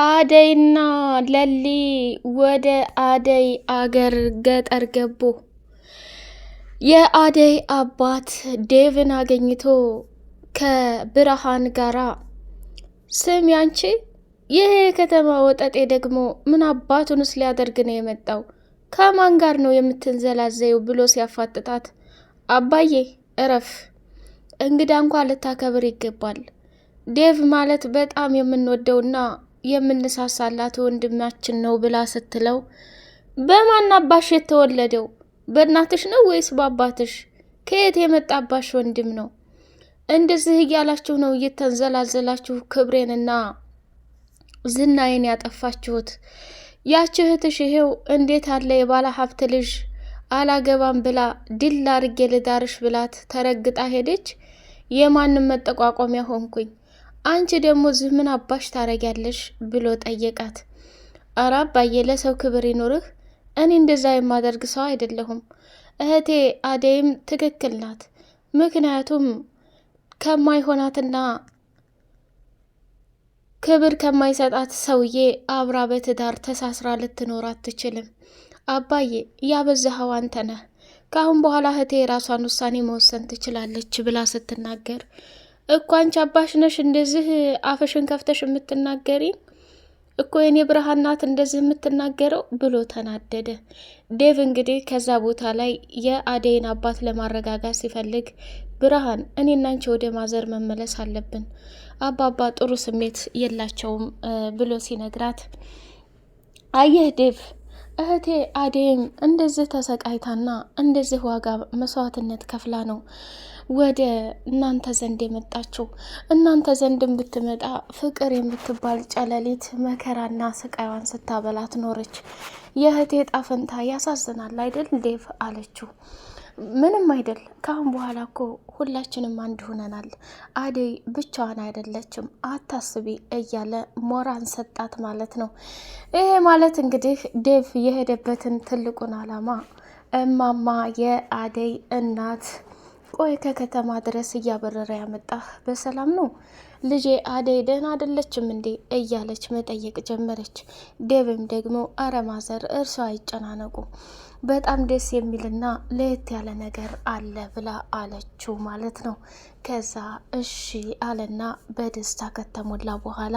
አደይና ለሊ ወደ አደይ አገር ገጠር ገቡ። የአደይ አባት ዴቭን አገኝቶ ከብርሃን ጋራ ስም ያንቺ ይህ የከተማ ወጠጤ ደግሞ ምን አባቱንስ ሊያደርግ ነው የመጣው? ከማን ጋር ነው የምትንዘላዘየው? ብሎ ሲያፋጥጣት አባዬ እረፍ፣ እንግዳ እንኳ ልታከብር ይገባል። ዴቭ ማለት በጣም የምንወደውና የምንሳሳላት ወንድማችን ነው ብላ ስትለው በማን አባሽ የተወለደው በእናትሽ ነው ወይስ በአባትሽ? ከየት አባሽ ወንድም ነው? እንደዚህ እያላችሁ ነው እየተንዘላዘላችሁ ክብሬንና ዝናዬን ያጠፋችሁት። ያች እህትሽ ይሄው እንዴት አለ የባለ ሀብት ልጅ አላገባም ብላ ድል አርጌ ልዳርሽ ብላት ተረግጣ ሄደች። የማንም መጠቋቋሚያ ሆንኩኝ። አንቺ ደግሞ እዚህ ምን አባሽ ታረጊያለሽ ብሎ ጠየቃት። አረ አባዬ ለሰው ክብር ይኖርህ፣ እኔ እንደዛ የማደርግ ሰው አይደለሁም። እህቴ አደይም ትክክል ናት። ምክንያቱም ከማይሆናትና ክብር ከማይሰጣት ሰውዬ አብራ በትዳር ተሳስራ ልትኖር አትችልም። አባዬ ያበዛኸው አንተ ነህ። ከአሁን በኋላ እህቴ የራሷን ውሳኔ መወሰን ትችላለች ብላ ስትናገር እኮ አንቺ አባሽ ነሽ እንደዚህ አፍሽን ከፍተሽ የምትናገሪ እኮ የኔ ብርሃን ናት እንደዚህ የምትናገረው ብሎ ተናደደ። ዴቭ እንግዲህ ከዛ ቦታ ላይ የአደይን አባት ለማረጋጋት ሲፈልግ ብርሃን እኔ አንቺ ወደ ማዘር መመለስ አለብን፣ አባባ ጥሩ ስሜት የላቸውም ብሎ ሲነግራት፣ አየህ ዴቭ እህቴ አደይም እንደዚህ ተሰቃይታና እንደዚህ ዋጋ መስዋዕትነት ከፍላ ነው ወደ እናንተ ዘንድ የመጣችው። እናንተ ዘንድ ብትመጣ ፍቅር የምትባል ጨለሊት መከራና ስቃይዋን ስታበላት ኖረች። የእህቴ ዕጣ ያሳዝናል አይደል ዴቭ አለችው። ምንም አይደል። ካሁን በኋላ እኮ ሁላችንም አንድ ሆነናል። አደይ ብቻዋን አይደለችም አታስቢ እያለ ሞራን ሰጣት ማለት ነው። ይሄ ማለት እንግዲህ ዴቭ የሄደበትን ትልቁን ዓላማ እማማ የአደይ እናት ቆይ ከከተማ ድረስ እያበረረ ያመጣህ በሰላም ነው? ልጄ አደይ ደህና አይደለችም እንዴ እያለች መጠየቅ ጀመረች። ዴብም ደግሞ አረማዘር እርሷ አይጨናነቁ በጣም ደስ የሚልና ለየት ያለ ነገር አለ ብላ አለችው ማለት ነው። ከዛ እሺ አለና በደስታ ከተሞላ በኋላ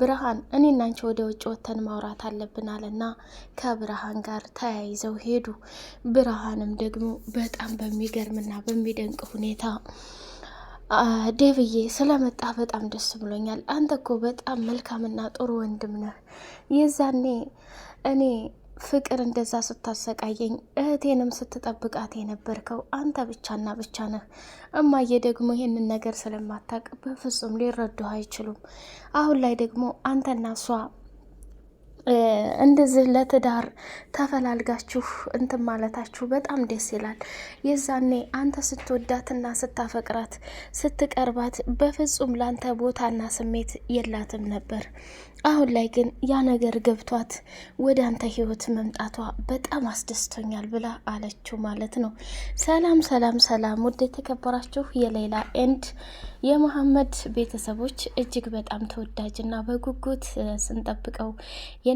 ብርሃን እኔና አንቺ ወደ ውጭ ወተን ማውራት አለብን አለና ከብርሃን ጋር ተያይዘው ሄዱ። ብርሃንም ደግሞ በጣም በሚገርምና በሚደንቅ ሁኔታ ዴቭዬ ስለመጣ በጣም ደስ ብሎኛል። አንተ እኮ በጣም መልካምና ጥሩ ወንድም ነህ። የዛኔ እኔ ፍቅር እንደዛ ስታሰቃየኝ እህቴንም ስትጠብቃት የነበርከው አንተ ብቻና ብቻ ነህ። እማዬ ደግሞ ይህንን ነገር ስለማታውቅ በፍጹም ሊረዱህ አይችሉም። አሁን ላይ ደግሞ አንተና እሷ እንደዚህ ለትዳር ተፈላልጋችሁ እንትን ማለታችሁ በጣም ደስ ይላል። የዛኔ አንተ ስትወዳትና ስታፈቅራት ስትቀርባት በፍጹም ላንተ ቦታና ስሜት የላትም ነበር። አሁን ላይ ግን ያ ነገር ገብቷት ወደ አንተ ህይወት መምጣቷ በጣም አስደስቶኛል ብላ አለችው ማለት ነው። ሰላም ሰላም ሰላም! ውድ የተከበራችሁ የሌላ ኤንድ የመሐመድ ቤተሰቦች እጅግ በጣም ተወዳጅና በጉጉት ስንጠብቀው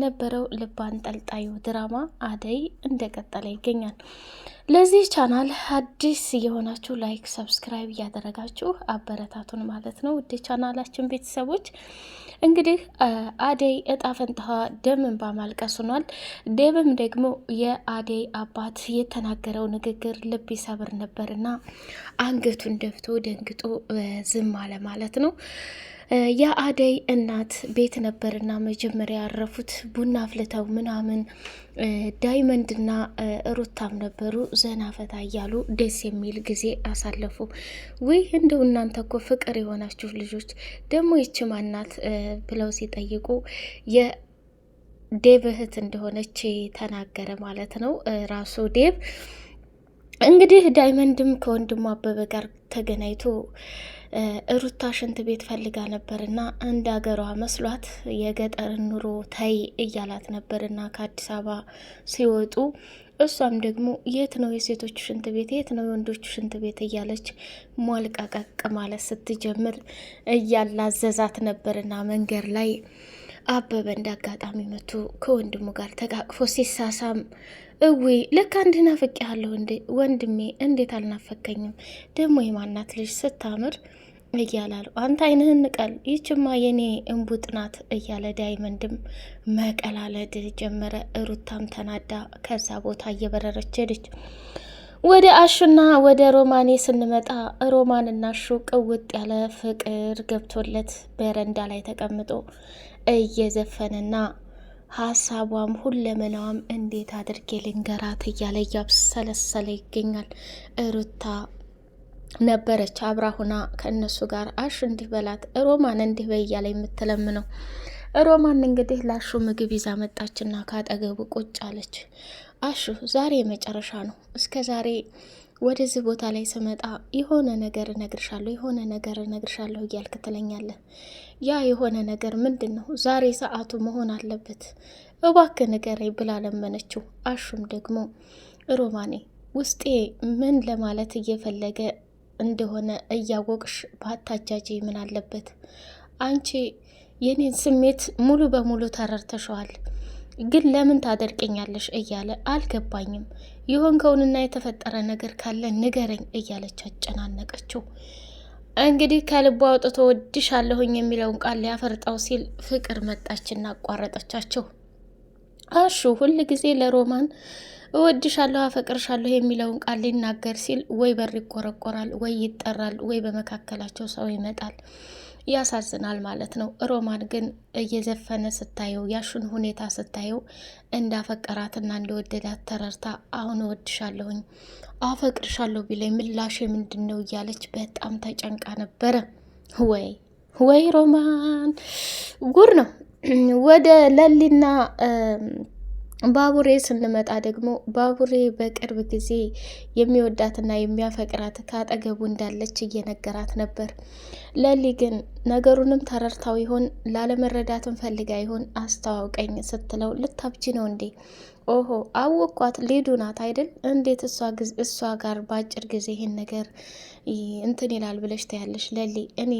የነበረው ልብ አንጠልጣዩ ድራማ አደይ እንደቀጠለ ይገኛል። ለዚህ ቻናል አዲስ የሆናችሁ ላይክ፣ ሰብስክራይብ እያደረጋችሁ አበረታቱን ማለት ነው። ውድ ቻናላችን ቤተሰቦች እንግዲህ አደይ እጣ ፈንታዋ ደም እንባ ማልቀስ ሆኗል። ደብም ደግሞ የአደይ አባት የተናገረው ንግግር ልብ ይሰብር ነበርና አንገቱን ደፍቶ ደንግጦ ዝም አለ ማለት ነው። የአደይ እናት ቤት ነበርና መጀመሪያ ያረፉት ቡና አፍልተው ምናምን ዳይመንድና ሩታም ነበሩ። ዘና ፈታ እያሉ ደስ የሚል ጊዜ አሳለፉ። ወይ እንደው እናንተ እኮ ፍቅር የሆናችሁ ልጆች ደግሞ ይች ማናት ብለው ሲጠይቁ የዴብ እህት እንደሆነች ተናገረ ማለት ነው ራሱ ዴብ። እንግዲህ ዳይመንድም ከወንድሙ አበበ ጋር ተገናኝቶ ሩታ ሽንት ቤት ፈልጋ ነበርና እንደ አገሯ መስሏት የገጠር ኑሮ ታይ እያላት ነበርና ከአዲስ አበባ ሲወጡ እሷም ደግሞ የት ነው የሴቶች ሽንት ቤት፣ የት ነው የወንዶቹ ሽንት ቤት እያለች ሟልቀቀቅ ማለት ስትጀምር እያላዘዛት ነበርና መንገድ ላይ አበበ እንደ አጋጣሚ መቶ ከወንድሙ ጋር ተቃቅፎ ሲሳሳም እዌ ልክ አንድና ፍቅ እንዴ ወንድሜ፣ እንዴት አልናፈከኝም ደግሞ የማናት ልጅ ስታምር እያላሉ አንተ አይንህን ንቀል ይችማ የኔ እንቡጥ ናት እያለ ዳይመንድም መቀላለድ ጀመረ። ሩታም ተናዳ ከዛ ቦታ እየበረረች ሄደች። ወደ አሹና ወደ ሮማኔ ስንመጣ ሮማንና አሹ ቅውጥ ያለ ፍቅር ገብቶለት በረንዳ ላይ ተቀምጦ እየዘፈነና ሀሳቧም ሁለመናዋም እንዴት አድርጌ ልንገራት እያለ እያብሰለሰለ ይገኛል ሩታ ነበረች አብራ ሁና ከእነሱ ጋር አሹ እንዲህ በላት ሮማን እንዲህ በይ እያለ የምትለምነው። ሮማን እንግዲህ ላሹ ምግብ ይዛ መጣችና ካጠገቡ ቁጭ አለች። አሹ ዛሬ የመጨረሻ ነው። እስከ ዛሬ ወደዚህ ቦታ ላይ ስመጣ የሆነ ነገር እነግርሻለሁ፣ የሆነ ነገር እነግርሻለሁ እያልክ ትለኛለህ። ያ የሆነ ነገር ምንድን ነው? ዛሬ ሰዓቱ መሆን አለበት፣ እባክህ ንገረኝ ብላ ለመነችው። አሹም ደግሞ ሮማኔ ውስጤ ምን ለማለት እየፈለገ እንደሆነ እያወቅሽ ባታጃጂ ምን አለበት? አንቺ የኔን ስሜት ሙሉ በሙሉ ተረድተሸዋል፣ ግን ለምን ታደርቀኛለሽ እያለ አልገባኝም። የሆንከውንና የተፈጠረ ነገር ካለ ንገረኝ እያለች አጨናነቀችው። እንግዲህ ከልቡ አውጥቶ ወድሻለሁኝ የሚለውን ቃል ሊያፈርጠው ሲል ፍቅር መጣችና አቋረጠቻቸው። አሹ ሁል ጊዜ ለሮማን እወድሻለሁ አፈቅርሻለሁ የሚለውን ቃል ሊናገር ሲል ወይ በር ይቆረቆራል፣ ወይ ይጠራል፣ ወይ በመካከላቸው ሰው ይመጣል። ያሳዝናል ማለት ነው። ሮማን ግን እየዘፈነ ስታየው ያሹን ሁኔታ ስታየው እንዳፈቀራትና እንደወደዳት ተረርታ አሁን እወድሻለሁኝ አፈቅርሻለሁ ቢለኝ ምላሽ ምንድን ነው እያለች በጣም ተጨንቃ ነበረ። ወይ ወይ ሮማን ጉር ነው። ወደ ለሊና ባቡሬ ስንመጣ ደግሞ ባቡሬ በቅርብ ጊዜ የሚወዳትና የሚያፈቅራት ከአጠገቡ እንዳለች እየነገራት ነበር። ለሊ ግን ነገሩንም ተረድታው ይሆን ላለመረዳትን ፈልጋ ይሆን አስተዋውቀኝ ስትለው ልታብጂ ነው እንዴ? ኦሆ አወኳት፣ ሊዱ ናት አይደል? እንዴት እሷ ጋር በአጭር ጊዜ ይህን ነገር እንትን ይላል ብለሽ ታያለሽ? ለሊ እኔ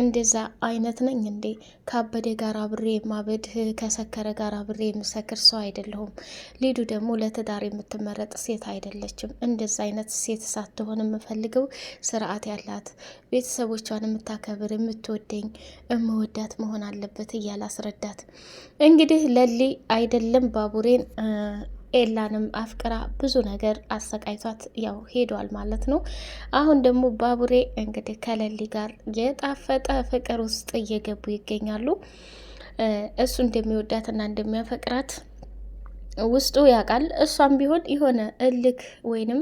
እንደዛ አይነት ነኝ እንዴ? ካበደ ጋር አብሬ ማበድ ከሰከረ ጋር አብሬ የምሰክር ሰው አይደለሁም። ሊዱ ደግሞ ለትዳር የምትመረጥ ሴት አይደለችም። እንደዛ አይነት ሴት ሳትሆን የምፈልገው ስርዓት ያላት፣ ቤተሰቦቿን የምታከብር፣ የምትወደኝ፣ የምወዳት መሆን አለበት እያለ አስረዳት። እንግዲህ ለሊ አይደለም ባቡሬን ኤላንም አፍቅራ ብዙ ነገር አሰቃይቷት ያው ሄዷል ማለት ነው። አሁን ደግሞ ባቡሬ እንግዲህ ከሌሊ ጋር የጣፈጠ ፍቅር ውስጥ እየገቡ ይገኛሉ። እሱ እንደሚወዳትና እንደሚያፈቅራት ውስጡ ያውቃል። እሷም ቢሆን የሆነ እልክ ወይንም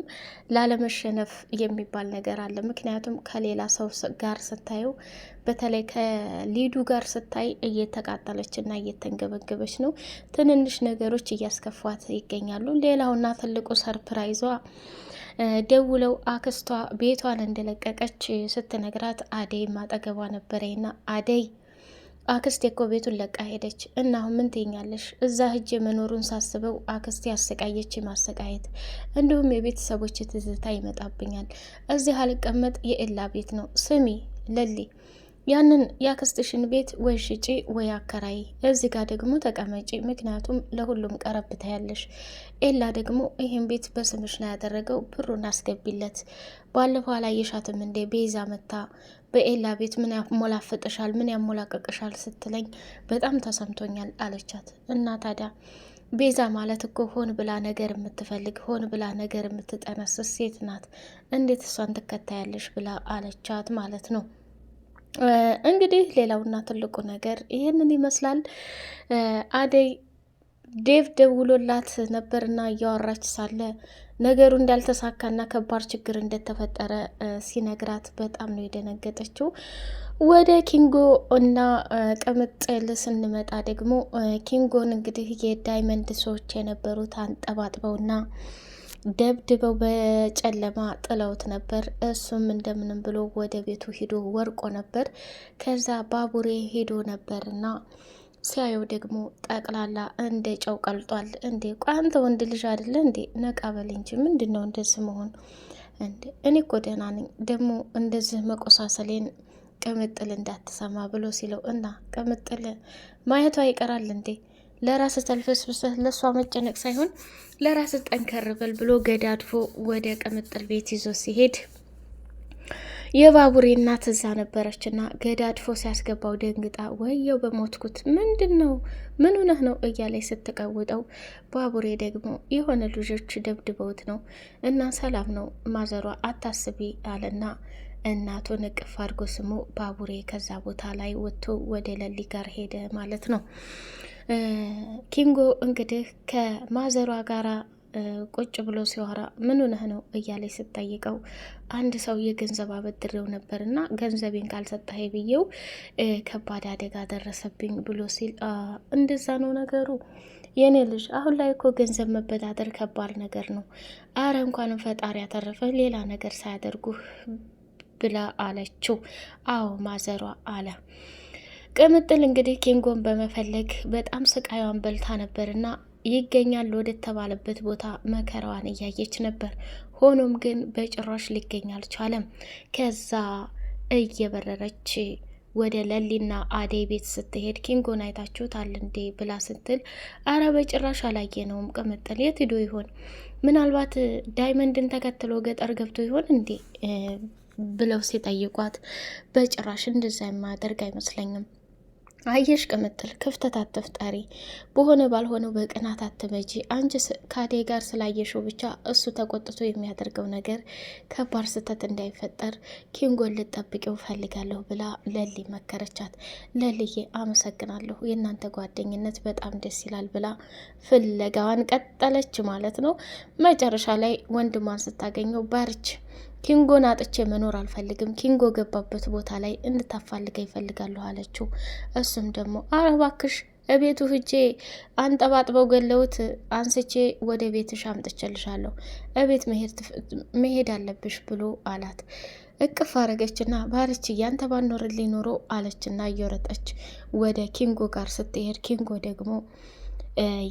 ላለመሸነፍ የሚባል ነገር አለ። ምክንያቱም ከሌላ ሰው ጋር ስታየው በተለይ ከሊዱ ጋር ስታይ እየተቃጠለች እና እየተንገበገበች ነው። ትንንሽ ነገሮች እያስከፏት ይገኛሉ። ሌላውና ትልቁ ሰርፕራይዟ ደውለው አክስቷ ቤቷን እንደለቀቀች ስትነግራት አደይ ማጠገቧ ነበረና አደይ አክስቴ እኮ ቤቱን ለቃ ሄደች እና አሁን ምን ትይኛለሽ? እዛ ህጅ መኖሩን ሳስበው አክስቴ አሰቃየች ማሰቃየት፣ እንዲሁም የቤተሰቦች ትዝታ ይመጣብኛል። እዚህ አልቀመጥ የኤላ ቤት ነው። ስሚ ለሊ ያንን የአክስትሽን ቤት ወይ ሽጪ ወይ አከራይ፣ እዚህ ጋር ደግሞ ተቀመጪ፣ ምክንያቱም ለሁሉም ቀረብ ታያለሽ። ኤላ ደግሞ ይህን ቤት በስምሽ ላይ ያደረገው ብሩን አስገቢለት። ባለፈው አላየሻትም እንዴ ቤዛ መታ በኤላ ቤት ምን ያሞላፈጥሻል፣ ምን ያሞላቀቅሻል ስትለኝ በጣም ተሰምቶኛል አለቻት። እና ታዲያ ቤዛ ማለት እኮ ሆን ብላ ነገር የምትፈልግ ሆን ብላ ነገር የምትጠነስስ ሴት ናት። እንዴት እሷን ትከታያለሽ ብላ አለቻት ማለት ነው። እንግዲህ ሌላውና ትልቁ ነገር ይህንን ይመስላል። አደይ ዴቭ ደውሎላት ነበርና እያወራች ሳለ ነገሩ እንዳልተሳካና ከባድ ችግር እንደተፈጠረ ሲነግራት በጣም ነው የደነገጠችው። ወደ ኪንጎ እና ቅምጥል ስንመጣ ደግሞ ኪንጎን እንግዲህ የዳይመንድ ሰዎች የነበሩት አንጠባጥበውና ደብድበው በጨለማ ጥለውት ነበር። እሱም እንደምንም ብሎ ወደ ቤቱ ሂዶ ወርቆ ነበር። ከዛ ባቡሬ ሂዶ ነበርና ሲያየው ደግሞ ጠቅላላ እንደ ጨው ቀልጧል። እንዴ ቋንተ ወንድ ልጅ አይደለ እንዴ ነቃ በል እንጂ ምንድን ነው እንደዚህ መሆን? እንዴ እኔ እኮ ደህና ነኝ፣ ደግሞ እንደዚህ መቆሳሰሌን ቅምጥል እንዳትሰማ ብሎ ሲለው እና ቅምጥል ማየቷ ይቀራል እንዴ ለራስ ተልፍስፍስህ ለእሷ መጨነቅ ሳይሆን ለራስ ጠንከር በል ብሎ ገዳድፎ ወደ ቅምጥል ቤት ይዞ ሲሄድ የባቡሬ እናት እዛ ነበረችና ገዳድፎ ሲያስገባው ደንግጣ ወየው በሞትኩት ምንድን ነው ምን ሆነህ ነው እያለች ስትቀውጠው፣ ባቡሬ ደግሞ የሆነ ልጆች ደብድበውት ነው እና ሰላም ነው ማዘሯ አታስቢ አለና እናቱን እቅፍ አድርጎ ስሞ ባቡሬ ከዛ ቦታ ላይ ወጥቶ ወደ ለሊ ጋር ሄደ ማለት ነው። ኪንጎ እንግዲህ ከማዘሯ ጋራ ቁጭ ብሎ ሲዋራ ምን ሆነህ ነው እያለች ስጠይቀው አንድ ሰው የገንዘብ አበድሬው ነበር እና ገንዘቤን ካልሰጠህ ብዬው ከባድ አደጋ ደረሰብኝ ብሎ ሲል እንደዛ ነው ነገሩ። የኔ ልጅ አሁን ላይ እኮ ገንዘብ መበዳደር ከባድ ነገር ነው። አረ እንኳንም ፈጣሪ ያተረፈ ሌላ ነገር ሳያደርጉህ ብላ አለችው። አዎ ማዘሯ አለ ቅምጥል እንግዲህ ኬንጎን በመፈለግ በጣም ስቃይዋን በልታ ነበርና ይገኛል ወደ ተባለበት ቦታ መከራዋን እያየች ነበር። ሆኖም ግን በጭራሽ ሊገኝ አልቻለም። ከዛ እየበረረች ወደ ለሊና አደይ ቤት ስትሄድ ኪንጎን አይታችሁታል እንዴ ብላ ስትል፣ አረ በጭራሽ አላየነውም። ቅምጥል የት ሂዶ ይሆን? ምናልባት ዳይመንድን ተከትሎ ገጠር ገብቶ ይሆን እንዴ ብለው ሲጠይቋት፣ በጭራሽ እንደዛ የማያደርግ አይመስለኝም አየሽ ቅምጥል ክፍተት አትፍጠሪ። በሆነ ባልሆነው በቅናት አትመጂ። አንቺ ከአዴ ጋር ስላየሽው ብቻ እሱ ተቆጥቶ የሚያደርገው ነገር ከባድ ስህተት እንዳይፈጠር ኪንጎን ልጠብቂው ፈልጋለሁ ብላ ለሊ መከረቻት። ለልዬ አመሰግናለሁ፣ የእናንተ ጓደኝነት በጣም ደስ ይላል ብላ ፍለጋዋን ቀጠለች ማለት ነው። መጨረሻ ላይ ወንድሟን ስታገኘው በርች ኪንጎን አጥቼ መኖር አልፈልግም። ኪንጎ ገባበት ቦታ ላይ እንድታፋልገ ይፈልጋለሁ አለችው። እሱም ደግሞ አረ እባክሽ እቤቱ ህጄ አንጠባጥበው ገለውት አንስቼ ወደ ቤትሽ አምጥቼልሻለሁ። እቤት መሄድ አለብሽ ብሎ አላት። እቅፍ አረገችና ባርች እያንተ ባኖርልኝ ኖሮ አለችና እየወረጠች ወደ ኪንጎ ጋር ስትሄድ ኪንጎ ደግሞ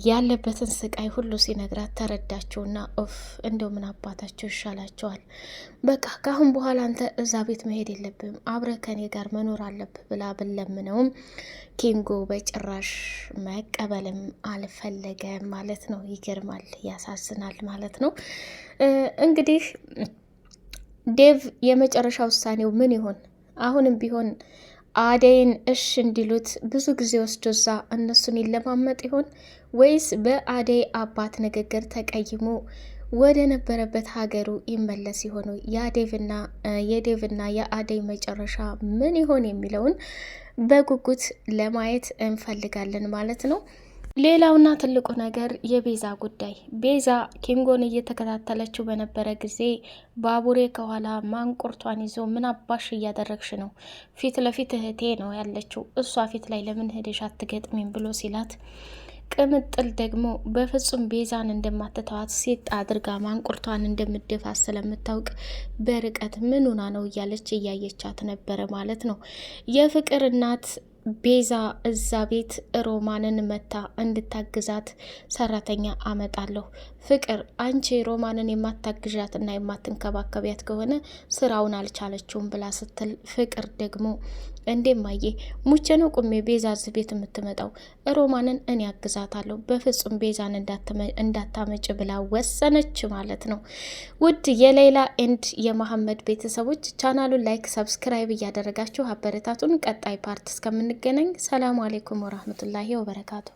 ያለበትን ስቃይ ሁሉ ሲነግራት ተረዳቸውና ኦፍ እንደው ምን አባታቸው ይሻላቸዋል። በቃ ካአሁን በኋላ አንተ እዛ ቤት መሄድ የለብም አብረ ከኔ ጋር መኖር አለብህ ብላ ብለምነውም ኪንጎ በጭራሽ መቀበልም አልፈለገም ማለት ነው። ይገርማል፣ ያሳዝናል ማለት ነው እንግዲህ ዴቭ የመጨረሻ ውሳኔው ምን ይሆን? አሁንም ቢሆን አደይን እሽ እንዲሉት ብዙ ጊዜ ወስዶ እዛ እነሱን ይለማመጥ ይሆን ወይስ በአደይ አባት ንግግር ተቀይሞ ወደ ነበረበት ሀገሩ ይመለስ ይሆኑ? የአዴቭና የዴቭና የአደይ መጨረሻ ምን ይሆን የሚለውን በጉጉት ለማየት እንፈልጋለን ማለት ነው። ሌላውና ትልቁ ነገር የቤዛ ጉዳይ። ቤዛ ኪንጎን እየተከታተለችው በነበረ ጊዜ ባቡሬ ከኋላ ማንቁርቷን ይዞ ምን አባሽ እያደረግሽ ነው? ፊት ለፊት እህቴ ነው ያለችው፣ እሷ ፊት ላይ ለምን ሄደሽ አትገጥሚም ብሎ ሲላት ቅምጥል ደግሞ በፍጹም ቤዛን እንደማትተዋት ሴት አድርጋ ማንቁርቷን እንደምደፋት ስለምታውቅ በርቀት ምኑና ነው እያለች እያየቻት ነበረ ማለት ነው የፍቅር እናት ቤዛ እዛ ቤት ሮማንን መታ እንድታግዛት ሰራተኛ አመጣለሁ። ፍቅር አንቺ ሮማንን የማታግዣት እና የማትንከባከቢያት ከሆነ ስራውን አልቻለችውም ብላ ስትል ፍቅር ደግሞ እንዴ ማዬ ሙቼ ነው ቁሜ ቤዛ ዝቤት ቤት የምትመጣው? ሮማንን እኔ አግዛታለሁ፣ በፍጹም ቤዛን እንዳታመጭ ብላ ወሰነች ማለት ነው። ውድ የሌላ ኤንድ የመሐመድ ቤተሰቦች ቻናሉን ላይክ፣ ሰብስክራይብ እያደረጋችሁ አበረታቱን። ቀጣይ ፓርት እስከምንገናኝ ሰላም አሌይኩም ወራህመቱላሂ ወበረካቱ።